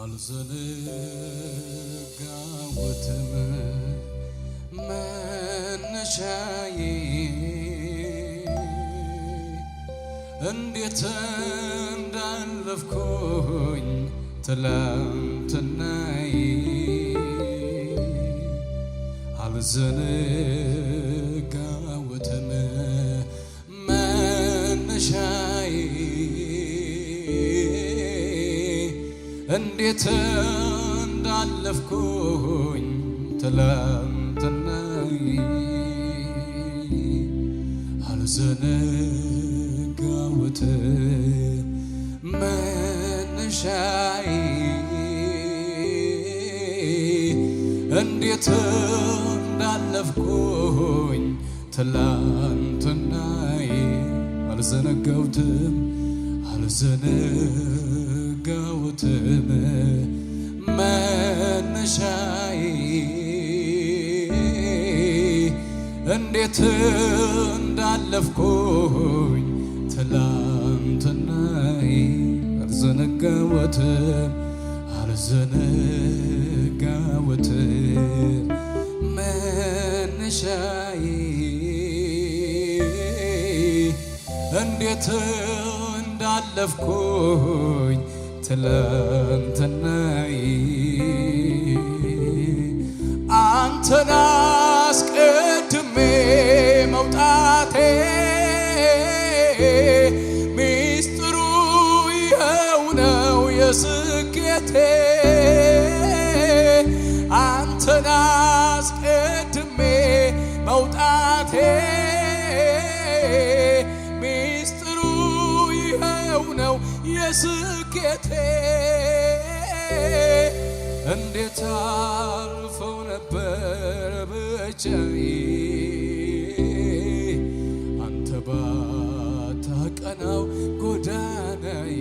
አልዘነጋሁትም መነሻዬ እንዴት እንዳለፍኩኝ ትላንትናዬ አልዘነጋሁትም መነሻ እንዴት እንዳለፍኩኝ ትላንትናይ አልዘነጋውት መነሻይ እንዴት እንዳለፍኩኝ ትላንትናይ አልዘነጋውትም አልዘነ ያጋውትም መነሻዬ እንዴት እንዳለፍኩኝ ትላንትናዬ አልዘነጋወትም አልዘነጋወትም መነሻዬ እንዴት እንዳለፍኩኝ ትለንትናይ አንተን አስቀድሜ መውጣቴ ሚስጥሩ ይኸው ነው የስኬቴ አንተን አስቀድሜ መውጣቴ ሚስጥሩ ይኸው ነው የስ ጌቴ እንዴት አልፈው ነበር ብቻዬ አንተ ባታቀናው ጎዳናዬ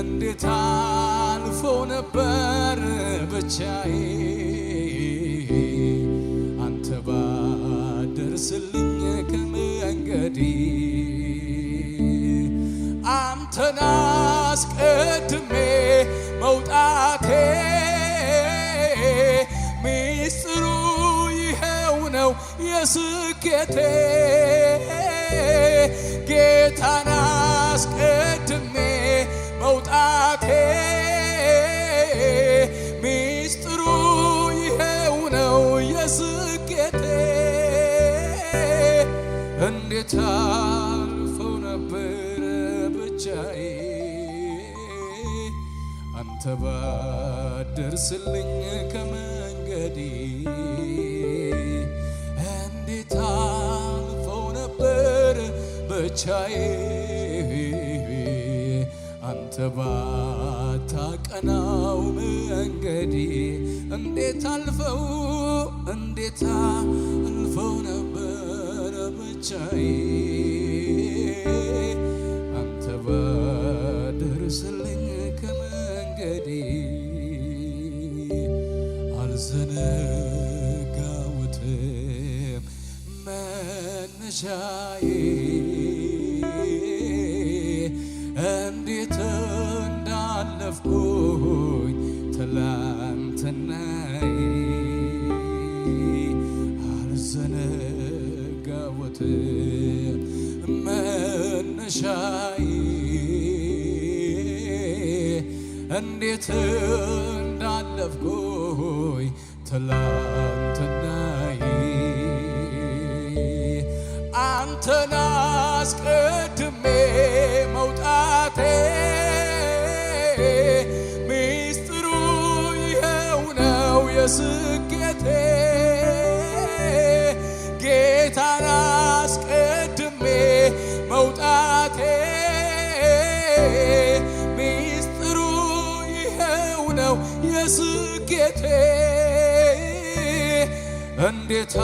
እንዴት አልፈው ነበር ብቻዬ አንተ ባደርስልኝ ከመንገዴ አንተን አስቀድሜ መውጣቴ ሚስጥሩ ይኸው ነው የስኬቴ ጌታን አስቀድሜ መውጣቴ ሚስጥሩ ይኸው ነው የስኬቴ እንዴታ ባደርስልኝ ከመንገድ እንዴት አልፈው ነበር ብቻዬ አንተ ባታቀናው መንገዴ እንዴት አልፈው እንዴት አልፈው ነበር ብቻዬ መነሻዬ እንዴት እንዳለፍኩኝ ትላንትናዬ አልዘነጋወት መነሻዬ እንዴት እንዳለፍኩኝ ትላንትና አንተን አስቀድሜ መውጣቴ ሚስጥሩ ይኸው ነው የስኬቴ ጌታን አስቀድሜ መውጣቴ ሚስጥሩ ይኸው ነው የስኬቴ እንዴታ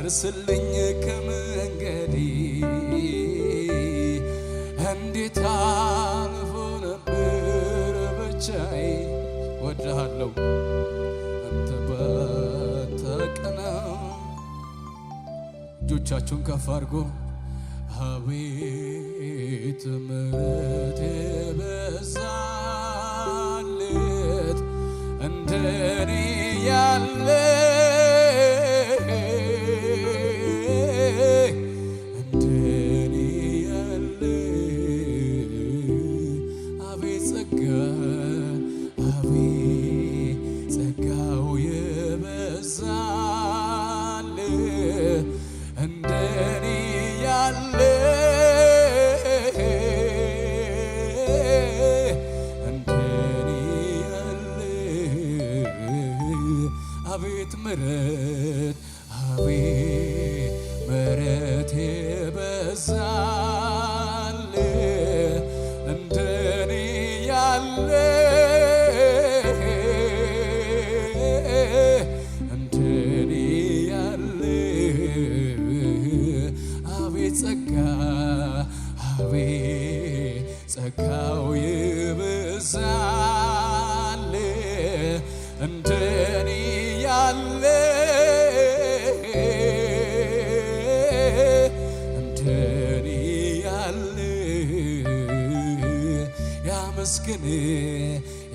ደርስልኝ ከመንገዴ እንዴት አልፎ ነበር ብቻዬ ወድሃለሁ አንተ በተቀናው እጆቻችሁን ከፍ አድርጎ አቤት ምሕረት የበዛለት እንደኔ ያለ አቤ ጸጋ አቤ ጸጋው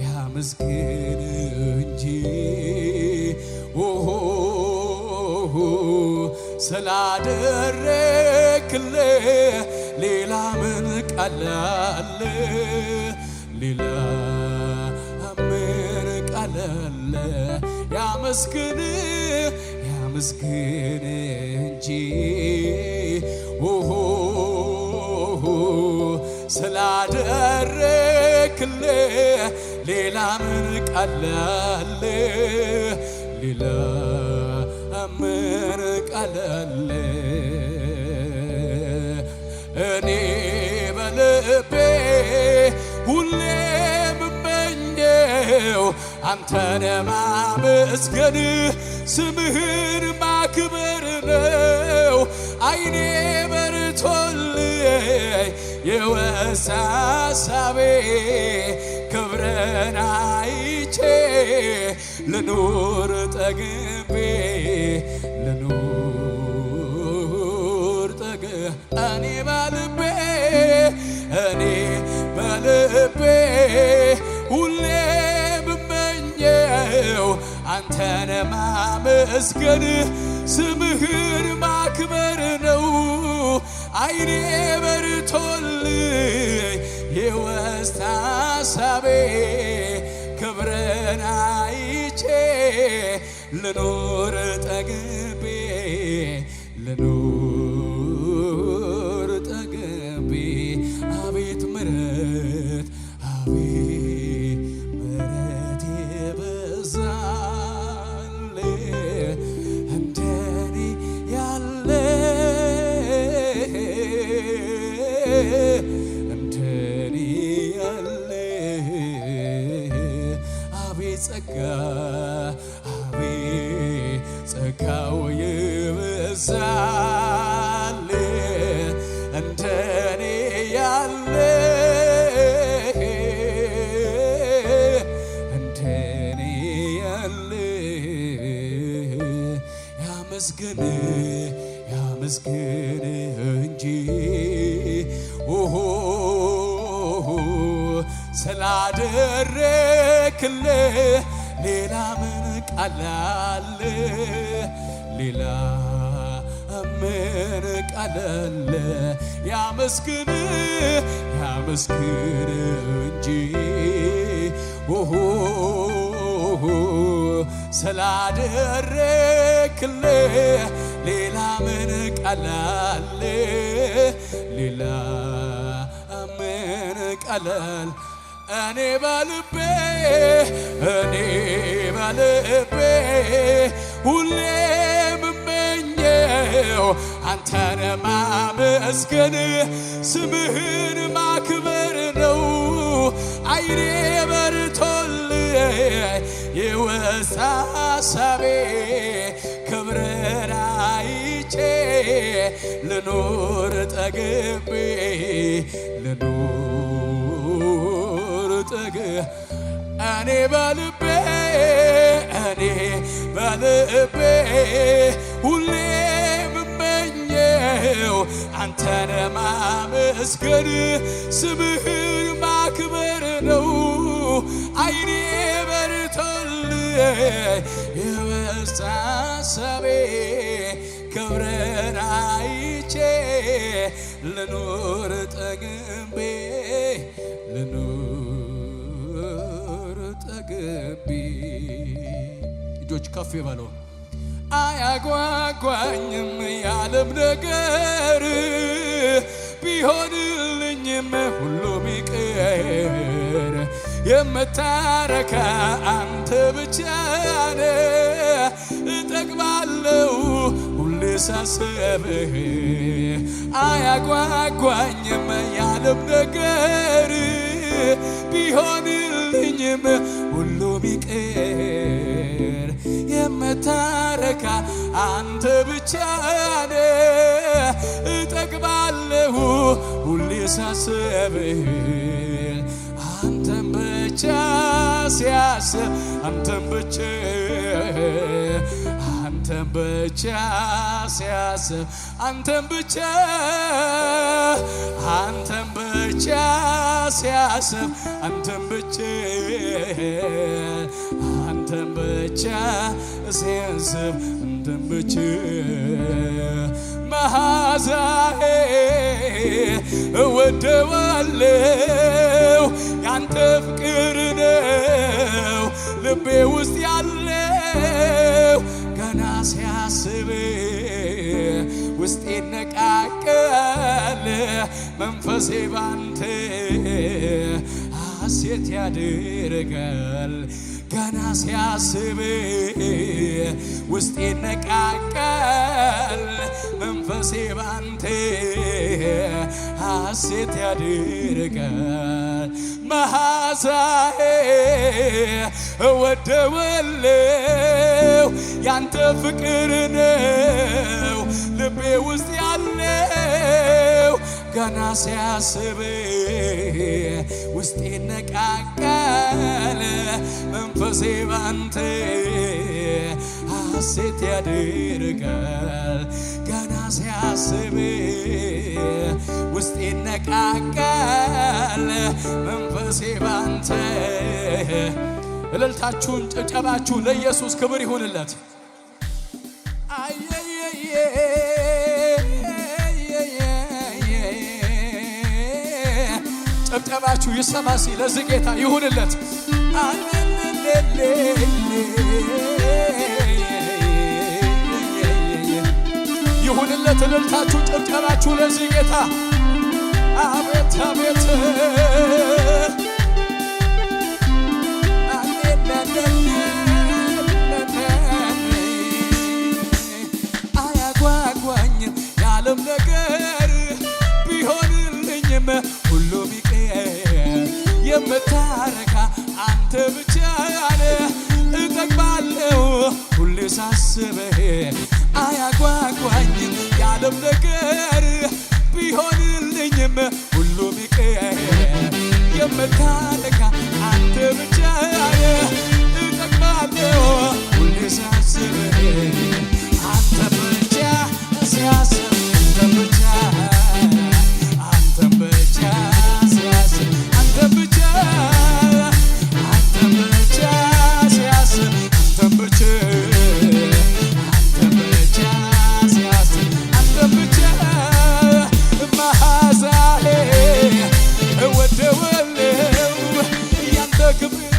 ያመስግን እንጂ ኦሆ ስላደረክል ሌላ ምን ቃላለ ሌላ ምን ቃላለ ያመስግን ያመስግን እንጂ ኦሆ ስላደረ ተክሌ ሌላ ምን ቀለለ ሌላ ምን ቀለለ እኔ በልቤ ሁሌ ምመኘው አንተን ማመስገን ስምህን ማክበር ነው አይኔ በርቶልኝ የወሳሳቤ ክብርን አይቼ ልኑር ጠግቤ ልኑር ጠግ እኔ በልቤ እኔ በልቤ ሁሌ ብመኘው አንተን ማመስገን ስምህን ማክበርን አይኔ በርቶልኝ የወስታ ሳቤ ክብርን አይቼ ልኖር ጠግቤ ልኖር ላመስግን እንጂ ስላደረክል ሌላ ምን ቃላለ ሌላ ምን ቃላለ ያመስግን ያመስግን እንጂ ስላደረ ሲተክል ሌላ ምን ቀላል ሌላ ምን ቀላል እኔ በልቤ እኔ በልቤ ሁሌ ምመኘው አንተን ማመስገን ስምህን ማክበር ነው። አይኔ በርቶል የውስጥ ሐሳቤ ክብርን አይቼ ልኑር ጠግቤ ልኑር ጠግ እኔ በልቤ እኔ በልቤ ሁሌ ምመኘው አንተን ማመስገን ስምህን ማክበር ነው አይኔ በር የመሳሰቤ ክብርን አይቼ ልኑር ጠግቤ ልኑር ጠግቤ እጆች ከፍ ይበለው። አያጓጓኝም ያለም ነገር ቢሆንልኝም ሁሉም ይቅር የምታረካ ባንተ ብቻ ነ እጠግባለሁ ሁሌ ሳስብህ አያጓጓኝም ያለም ነገር ቢሆንልኝም ሁሉ ቢቀር የምታረካ አንተ ብቻ ነ እጠግባለሁ ሁሌ ሳስብህ አንተም ብቻ ሲያስ አንተን ብቻ አንተን ብቻ ሲያስብ አንተን ብቻ አንተን ብቻ ሲያስብ አንተም ብቻ አንተም ብቻ ሲያስብ ብቻ እወደዋለው ያንተ ፍቅር ነው ልቤ ውስጥ ያለው ገና ሲያስብ ውስጤ ነቃቀል መንፈሴ ባንተ ሐሴት ያደርጋል። ገና ሲያስብ ውስጤ ይነቃቃል፣ መንፈሴ ባንቴ ሐሴት ያድርጋል። መሐሳዬ እወደዋለሁ ያንተ ፍቅር ነው ልቤ ውስጥ ያለው ገና ሲያስብ ውስጤ ይነቃቃል መንፈሴ ባንተ ሐሴት ያደርጋል። ገና ሲያስብ ውስጤ ይነቃቃል። መንፈሴ ባንተ እልልታችሁን ጭብጨባችሁ ለኢየሱስ ክብር ይሁንለት። አየየየ ጭብጨባችሁ ይሰማ ሲ ለዚህ ጌታ ይሁንለት። ይሁንለት እልልታችሁ፣ ጭብጨባችሁ ለዚህ ጌታ አቤት አቤት አያጓጓኝ የዓለም ነገር ቢሆንልኝም የምታረካ አንተ ብቻ ያለ እጠግባለሁ ሁሌ ሳስበህ አያጓጓኝ ያለም ነገር Like a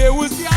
europeus e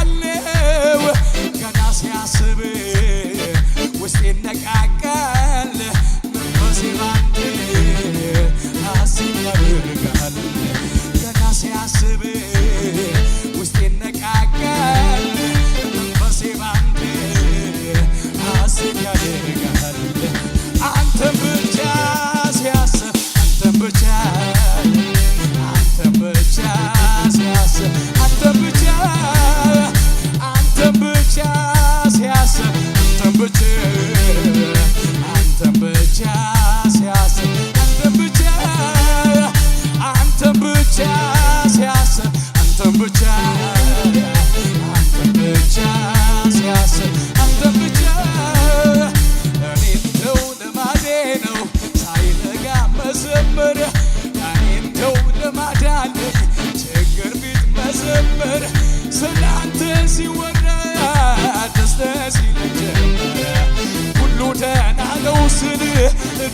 ሙስን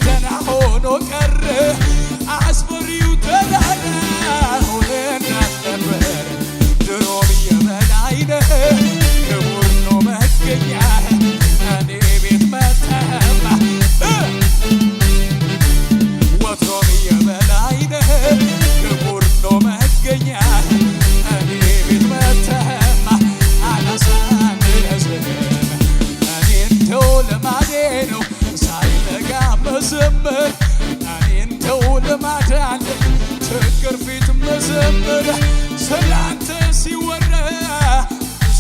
ደና ሆኖ ቀረ ማዳን ችግር ፊት መዘምር ስላንተ ሲወራ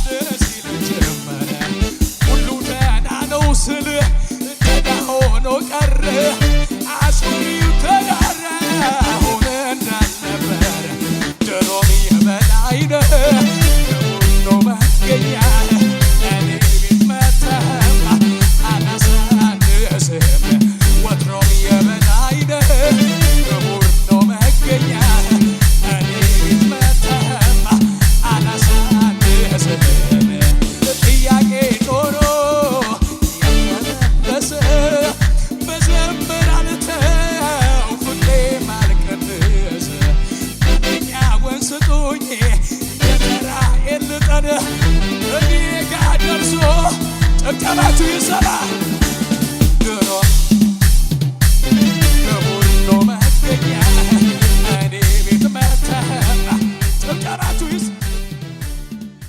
ደስ ይለኝ ጀመረ ሁሉ ደህና ነው ስል ደህና ሆኖ ቀረ